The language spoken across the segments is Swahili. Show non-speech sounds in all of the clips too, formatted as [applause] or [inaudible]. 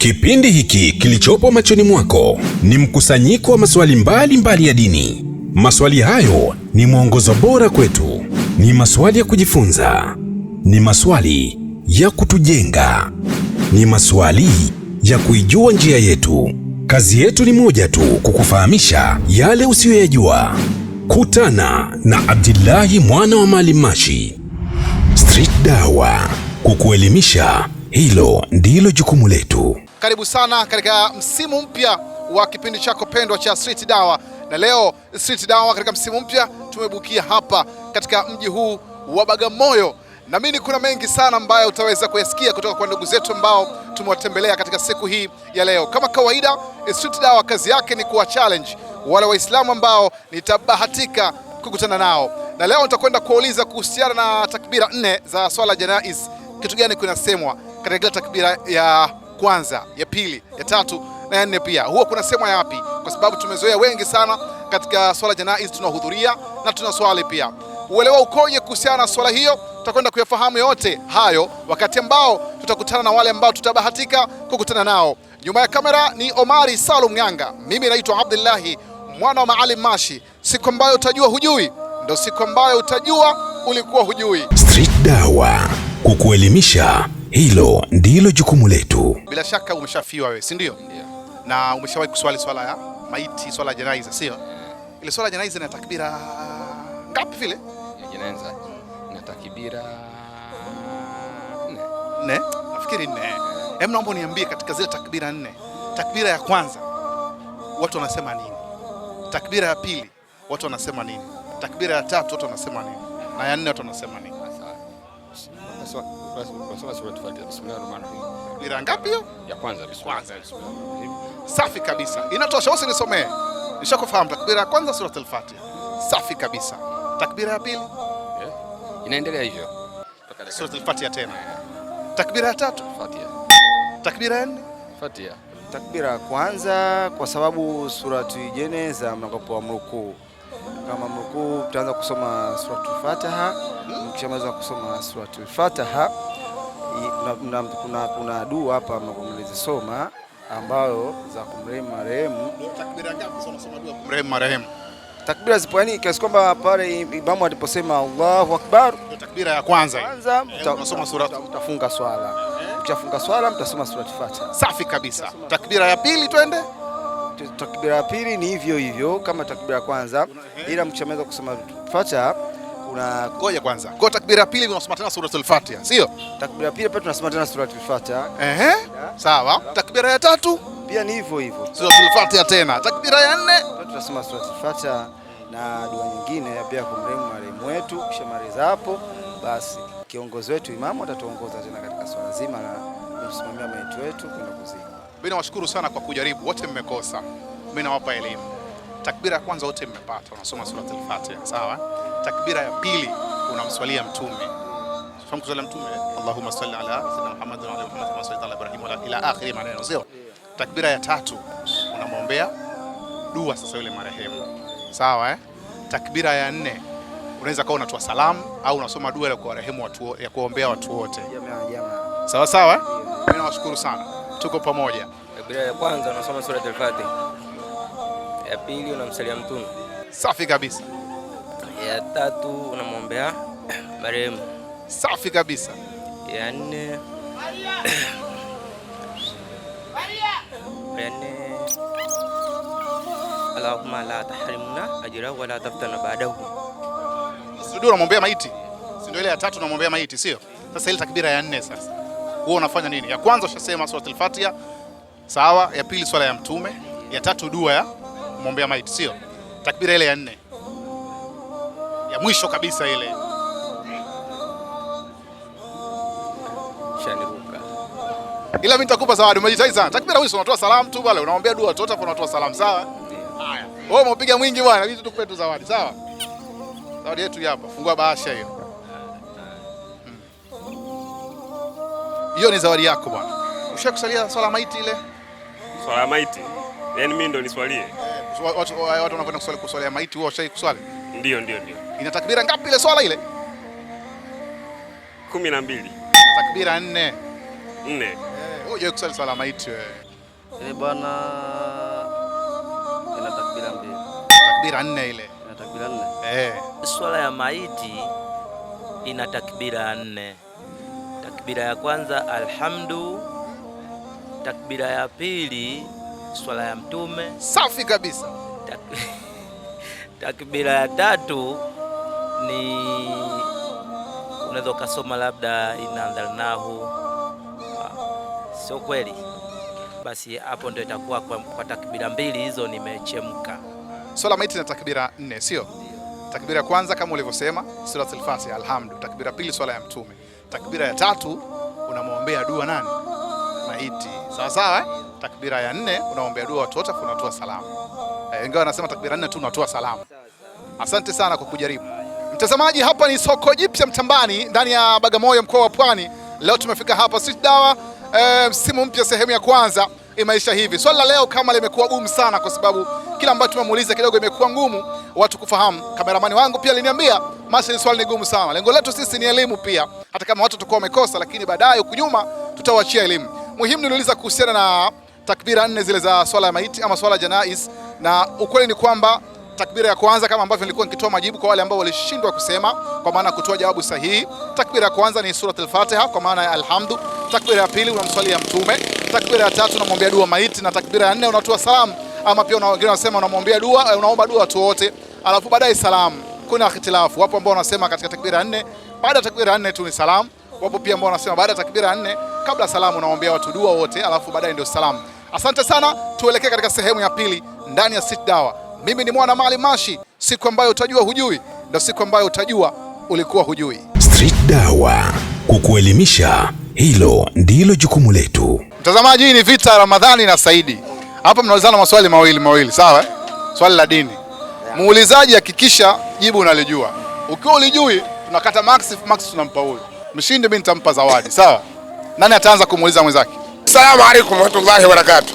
Kipindi hiki kilichopo machoni mwako ni mkusanyiko wa maswali mbalimbali mbali ya dini. Maswali hayo ni mwongozo bora kwetu, ni maswali ya kujifunza, ni maswali ya kutujenga, ni maswali ya kuijua njia yetu. Kazi yetu ni moja tu, kukufahamisha yale usiyoyajua. Kutana na Abdillahi mwana wa Maalim Mashi. Street Dawa, kukuelimisha, hilo ndilo jukumu letu. Karibu sana katika msimu mpya wa kipindi chako pendwa cha Street Dawa, na leo Street Dawa katika msimu mpya tumebukia hapa katika mji huu wa Bagamoyo. Naamini kuna mengi sana ambayo utaweza kuyasikia kutoka kwa ndugu zetu ambao tumewatembelea katika siku hii ya leo. Kama kawaida, Street Dawa kazi yake ni kuwa challenge wale Waislamu ambao nitabahatika kukutana nao, na leo nitakwenda kuwauliza kuhusiana na takbira nne za swala janaiz, kitu gani kinasemwa katika takbira ya kwanza, ya pili, ya tatu na ya nne pia huwa kuna ya wapi? Kwa sababu tumezoea wengi sana katika swala janaiz tunahudhuria na tuna swali pia. Uelewa ukoje kuhusiana na swala hiyo? Tutakwenda kuyafahamu yote hayo wakati ambao tutakutana na wale ambao tutabahatika kukutana nao. Nyuma ya kamera ni Omari Salum Ng'anga, mimi naitwa Abdullahi mwana wa Maalim Mashi. Siku ambayo utajua hujui ndo siku ambayo utajua ulikuwa hujui. Street Dawa kukuelimisha hilo ndilo jukumu letu. Bila shaka umeshafiwa wewe, si ndio? Na umeshawahi kuswali swala ya maiti, swala ya janaiza, sio? Mm. Ile swala ya janaiza ina takbira ngapi vile? Ya janaiza ina takbira nne. Nafikiri nne. Hebu naomba niambie katika zile takbira nne, takbira ya kwanza watu wanasema nini? Takbira ya pili watu wanasema nini? Takbira ya tatu watu wanasema nini? Na ya nne watu wanasema nini? Nasoma sura ngapi hiyo? Ya kwanza. Safi kabisa. Inatosha, usinisomee. Nishakufahamu. Takbira ya kwanza sura fatiha Safi kabisa. Takbira ya pili? Yeah. Inaendelea hivyo. Sura fatiha tena. Takbira ya tatu? Fatiha. Takbira ya nne? Fatiha. Takbira ya kwanza kwa sababu suratu jeneza mnakopoa mrukuu kama mrukuu tutaanza kusoma suratul Fatiha. Mkishamaliza kusoma suratul Fatiha, kuna kuna dua hapa mlizisoma ambayo za kumrehemu marehemu. Kumrehemu marehemu takbira zipo, yani kiasi kwamba pale imamu aliposema Allahu akbar, takbira ya kwanza kwanza, eh, mtasoma sura, mtafunga swala, mkifunga swala mtasoma suratul Fatiha. Safi kabisa. Takbira ya pili twende Takbira ya pili ni hivyo hivyo kama takbira ya kwanza, ila mchameza kusema Fatiha una ngoja kwanza. Kwa takbira ya pili tunasoma tena suratul Fatiha, sio? Takbira ya pili pia tunasoma tena suratul Fatiha. Ehe. Sawa. Takbira ya tatu pia ni hivyo hivyo. Suratul Fatiha tena. Takbira ya nne tunasoma suratul Fatiha na dua nyingine pia kumrehemu marehemu wetu. Kisha maliza hapo basi kiongozi wetu imamu atatuongoza tena katika swala zima la kumsimamia maiti wetu kwenda kuzika. Mimi nawashukuru sana kwa kujaribu, wote mmekosa, mimi nawapa elimu. Takbira ya kwanza wote mmepata, unasoma Suratul Fatiha, sawa. Takbira ya pili unamswalia Mtume, kuswali Mtume, Allahumma salli ala sayyidina Muhammad wa ala Muhammad kama sallaita ala Ibrahim wa ila akhiri maneno, sio? Takbira ya tatu unamwombea dua, sasa yule marehemu, sawa eh? Takbira ya nne unaweza kuwa unatoa salamu au unasoma dua ya kuwarehemu watu, ya kuombea watu wote, sawa sawa. Eh? Mimi nawashukuru sana tuko pamoja. Biblia ya kwanza unasoma sura Al-Fatiha, ya pili unamsalia Mtume, safi kabisa. Ya tatu unamwombea marehemu, safi kabisa. Ya nne [coughs] Allahumma la tahrimna ajrahu wala taftana ba'dahu. Sujudu unamwombea maiti, si ndio? Ile ya tatu unamwombea maiti, sio? Sasa ile takbira ya nne sasa wewe unafanya nini? Ya kwanza ushasema suratul Fatiha, sawa. Ya pili swala ya Mtume, ya tatu dua ya mwombea maiti, sio takbira ile ya nne ya mwisho kabisa ile ila mimi nitakupa zawadi, umejitahidi sana. Takbira hizo unatoa salamu tu bwana, unaombea dua tu hapo, unatoa salamu sawa. Haya, wewe umepiga mwingi bwana, hizi tukupe tu zawadi sawa. Zawadi yetu hapa, fungua bahasha hiyo. hiyo ni zawadi yako bwana. Ushakusalia swala maiti ile? Swala maiti. Yaani mimi ndo niswalie. Eh, watu watu wanakwenda kuswali ya maiti wao washai kuswali? Ndio, ndio, ndio. Ina takbira ngapi ile swala ile? 12. na Takbira 4. 4. Eh, wewe kuswali swala maiti wewe. Eh, bwana ina takbira mbili. Takbira 4 ile. Ina takbira 4. Eh. Swala ya maiti ina takbira 4. Takbira ya kwanza alhamdu, takbira ya pili swala ya Mtume, safi kabisa. Tak, [laughs] takbira ya tatu ni unaweza ukasoma labda inadharnahu, ah, sio kweli? Basi hapo ndio itakuwa kwa, kwa takbira mbili hizo nimechemka. Swala maiti na takbira nne, sio? Takbira ya kwanza kama ulivyosema suratul Fatiha alhamdu, takbira pili swala ya Mtume Takbira ya tatu unamwombea dua nani? Maiti. Sawa sawa eh? Takbira ya nne unaombea dua watu wote, unatoa salamu. Eh, Ingawa anasema takbira nne tu unatoa salamu. Asante sana kwa kujaribu. Mtazamaji, hapa ni soko jipya Mtambani ndani ya Bagamoyo, mkoa wa Pwani. Leo tumefika hapa Street Dawa eh, msimu e, mpya sehemu ya kwanza imeisha hivi. Swali la leo kama limekuwa gumu sana, kwa sababu kila ambacho tumemuuliza kidogo imekuwa ngumu watu kufahamu. Kameramani wangu pia aliniambia ni swali ni gumu sana. Lengo letu sisi ni elimu pia, hata kama watu tutakuwa wamekosa, lakini baadaye huku nyuma tutawachia elimu. Muhimu niuliza kuhusiana na takbira nne zile za swala ya maiti ama swala janais, na ukweli ni kwamba takbira ya kwanza kama ambavyo nilikuwa nikitoa majibu kwa wale ambao walishindwa kusema, kwa maana kutoa jawabu sahihi. Takbira ya kwanza ni surat al-Fatiha kwa maana ya alhamdu. Takbira ya pili unamswalia Mtume. Takbira ya tatu unamwombea dua maiti, na takbira ya nne unatoa salamu, ama pia wengine wanasema unamwombea dua, eh, unaomba dua watu wote, alafu baadaye salamu kuna ikhtilafu. Wapo ambao wanasema katika takbira ya nne, baada ya takbira nne tu ni salamu. Wapo pia ambao wanasema baada ya takbira ya nne, kabla salamu, naombea watu dua wote, alafu baadaye ndio salamu. Asante sana, tuelekee katika sehemu ya pili ndani ya Sit Dawa. Mimi ni mwana Mali Mashi. Siku ambayo utajua hujui ndio siku ambayo utajua ulikuwa hujui. Street Dawa, kukuelimisha, hilo ndilo jukumu letu. Mtazamaji, hii ni vita Ramadhani na Saidi. Hapa mnaulizana maswali mawili mawili, sawa? Eh? Swali la dini Muulizaji hakikisha jibu unalijua. Ukiwa ulijui, tunakata max max, tunampa huyo mshindi. Mimi nitampa zawadi, sawa? Nani ataanza kumuuliza mwenzake? Asalamu alaykum warahmatullahi wabarakatuh.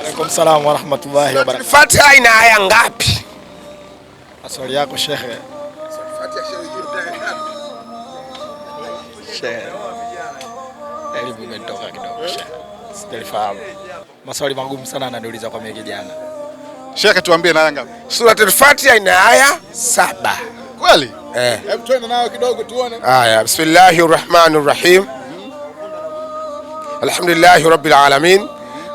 Alaykum salaam warahmatullahi wabarakatuh. Fatiha ina aya ngapi? Maswali yako shekhe. Fatiha shekhe. Elimu imetoka kidogo shekhe. Sitafahamu. Maswali magumu sana ananiuliza kwa mimi kijana. Shekhe, tuambie na aya ngapi? Suratul Fatiha ina aya saba. Kweli? Eh. Hebu twende nao kidogo tuone. Aya, Bismillahir Rahmanir Rahim. Alhamdulillahi Rabbil Alamin.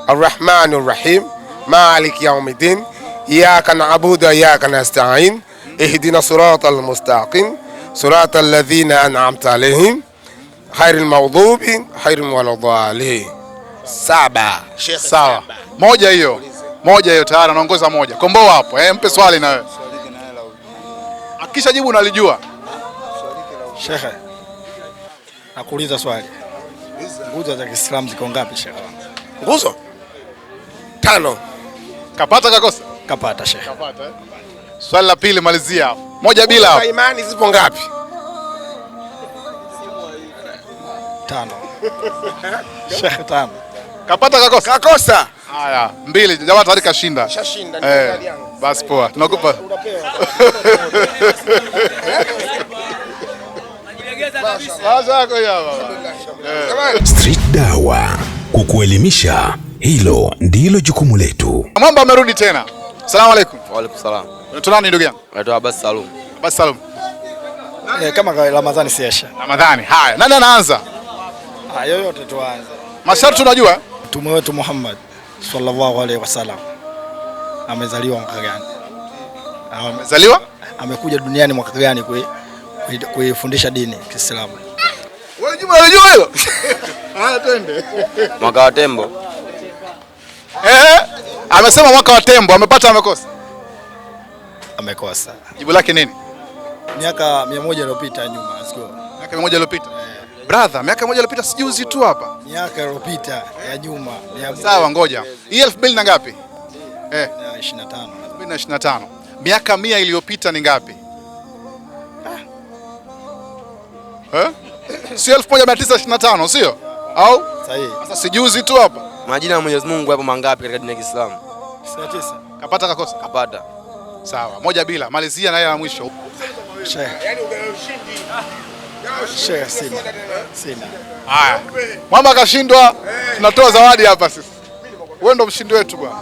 Arrahmanir Rahim. Maliki Yawmiddin. Iyyaka na'budu wa iyyaka nasta'in. Ihdina siratal mustaqim. Siratal ladhina an'amta alayhim. Khairil maghdubi, khairil waladhalin. Saba. Sawa. Moja hiyo moja hiyo tayari anaongoza moja. Komboa hapo eh, mpe swali na wewe. Akisha jibu unalijua. Shekhe. nakuuliza swali, nguzo za Kiislamu ziko ngapi shekhe? Nguzo tano. Kapata kakosa? Kapata shekhe. Kapata eh? Swali la pili malizia hapo. Moja bila hapo. Imani zipo ngapi? Tano. Shekhe tano. Kapata kakosa? Kakosa. Haya, mbili jamaa tayari kashinda. Shashinda ni eh, Yanga. Basi poa. Tunakupa. Eh. Street Dawa kukuelimisha, hilo ndilo jukumu letu. Mwamba amerudi tena. Asalamu alaykum. Wa alaykum salaam. Unaitwa nani ndugu yangu? Naitwa Abbas Salum. Abbas Salum. Eh, kama kwa Ramadhani siasha. Ramadhani. Haya. Nani anaanza? Ah, yoyote tuanze. Masharti tunajua? Mtume wetu Muhammad sallallahu alaihi wasallam amezaliwa mwaka gani? Amezaliwa, amekuja duniani mwaka gani kuifundisha dini Kiislamu? Wewe Juma unajua hilo? [laughs] Haya twende. Mwaka wa tembo. Eh, amesema mwaka wa tembo, amepata amekosa? Amekosa. Jibu lake nini? Miaka 100 iliyopita nyuma, sio? Miaka 100 iliyopita. Eh brother, miaka moja iliyopita, sijuzi tu hapa, miaka iliyopita ya nyuma. Sawa, ngoja hii elfu mbili na ngapi? Eh, 25 2025. Miaka mia iliyopita ni ngapi? Ah. Eh? Sio 1925 sio? Au? Sahihi. Sasa sijuzi tu hapa. Majina ya Mwenyezi Mungu hapo mangapi katika dini ya Kiislamu? 99. Kapata kakosa? Kapata. Sawa, moja bila. Malizia na yeye ya mwisho. Yaani ushindi. Share sina. Sina. Haya. Mama kashindwa, tunatoa zawadi hapa sisi. Wewe ndo mshindi wetu bwana.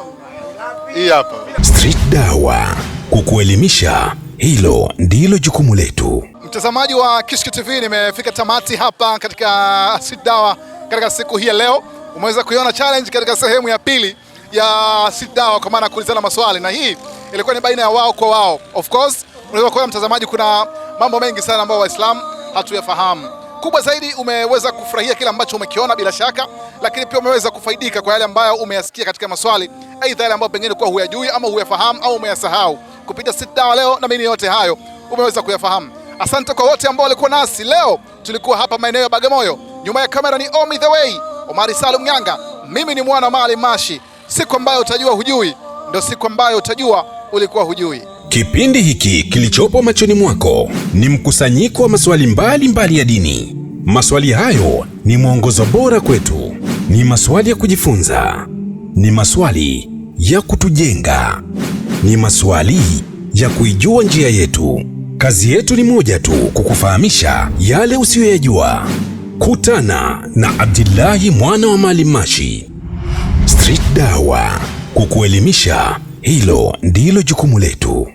Hii hapa. Street Dawa kukuelimisha, hilo ndilo jukumu letu. Mtazamaji wa Kishki TV, nimefika tamati hapa katika Street Dawa katika siku hii ya leo. Umeweza kuiona challenge katika sehemu ya pili ya Street Dawa kwa maana kuulizana maswali na hii ilikuwa ni baina ya wao kwa wao. Of course, unaweza kuona mtazamaji, kuna mambo mengi sana ambayo Waislamu hatuyafahamu. Kubwa zaidi, umeweza kufurahia kile ambacho umekiona bila shaka, lakini pia umeweza kufaidika kwa yale ambayo umeyasikia katika maswali, aidha yale ambayo pengine kuwa huyajui ama huyafahamu au umeyasahau. kupita Sit down leo na mimi yote hayo umeweza kuyafahamu. Asante kwa wote ambao walikuwa nasi leo. Tulikuwa hapa maeneo ya Bagamoyo, nyuma ya kamera ni Omi the Way, Omari Salum Nyanga, mimi ni mwana Mali Mashi. Siku ambayo utajua hujui, ndio siku ambayo utajua ulikuwa hujui. Kipindi hiki kilichopo machoni mwako ni mkusanyiko wa maswali mbalimbali mbali ya dini. Maswali hayo ni mwongozo bora kwetu, ni maswali ya kujifunza, ni maswali ya kutujenga, ni maswali ya kuijua njia yetu. Kazi yetu ni moja tu, kukufahamisha yale usiyoyajua. Kutana na Abdillahi mwana wa Maalim Mashi, Street Dawa, kukuelimisha hilo ndilo jukumu letu.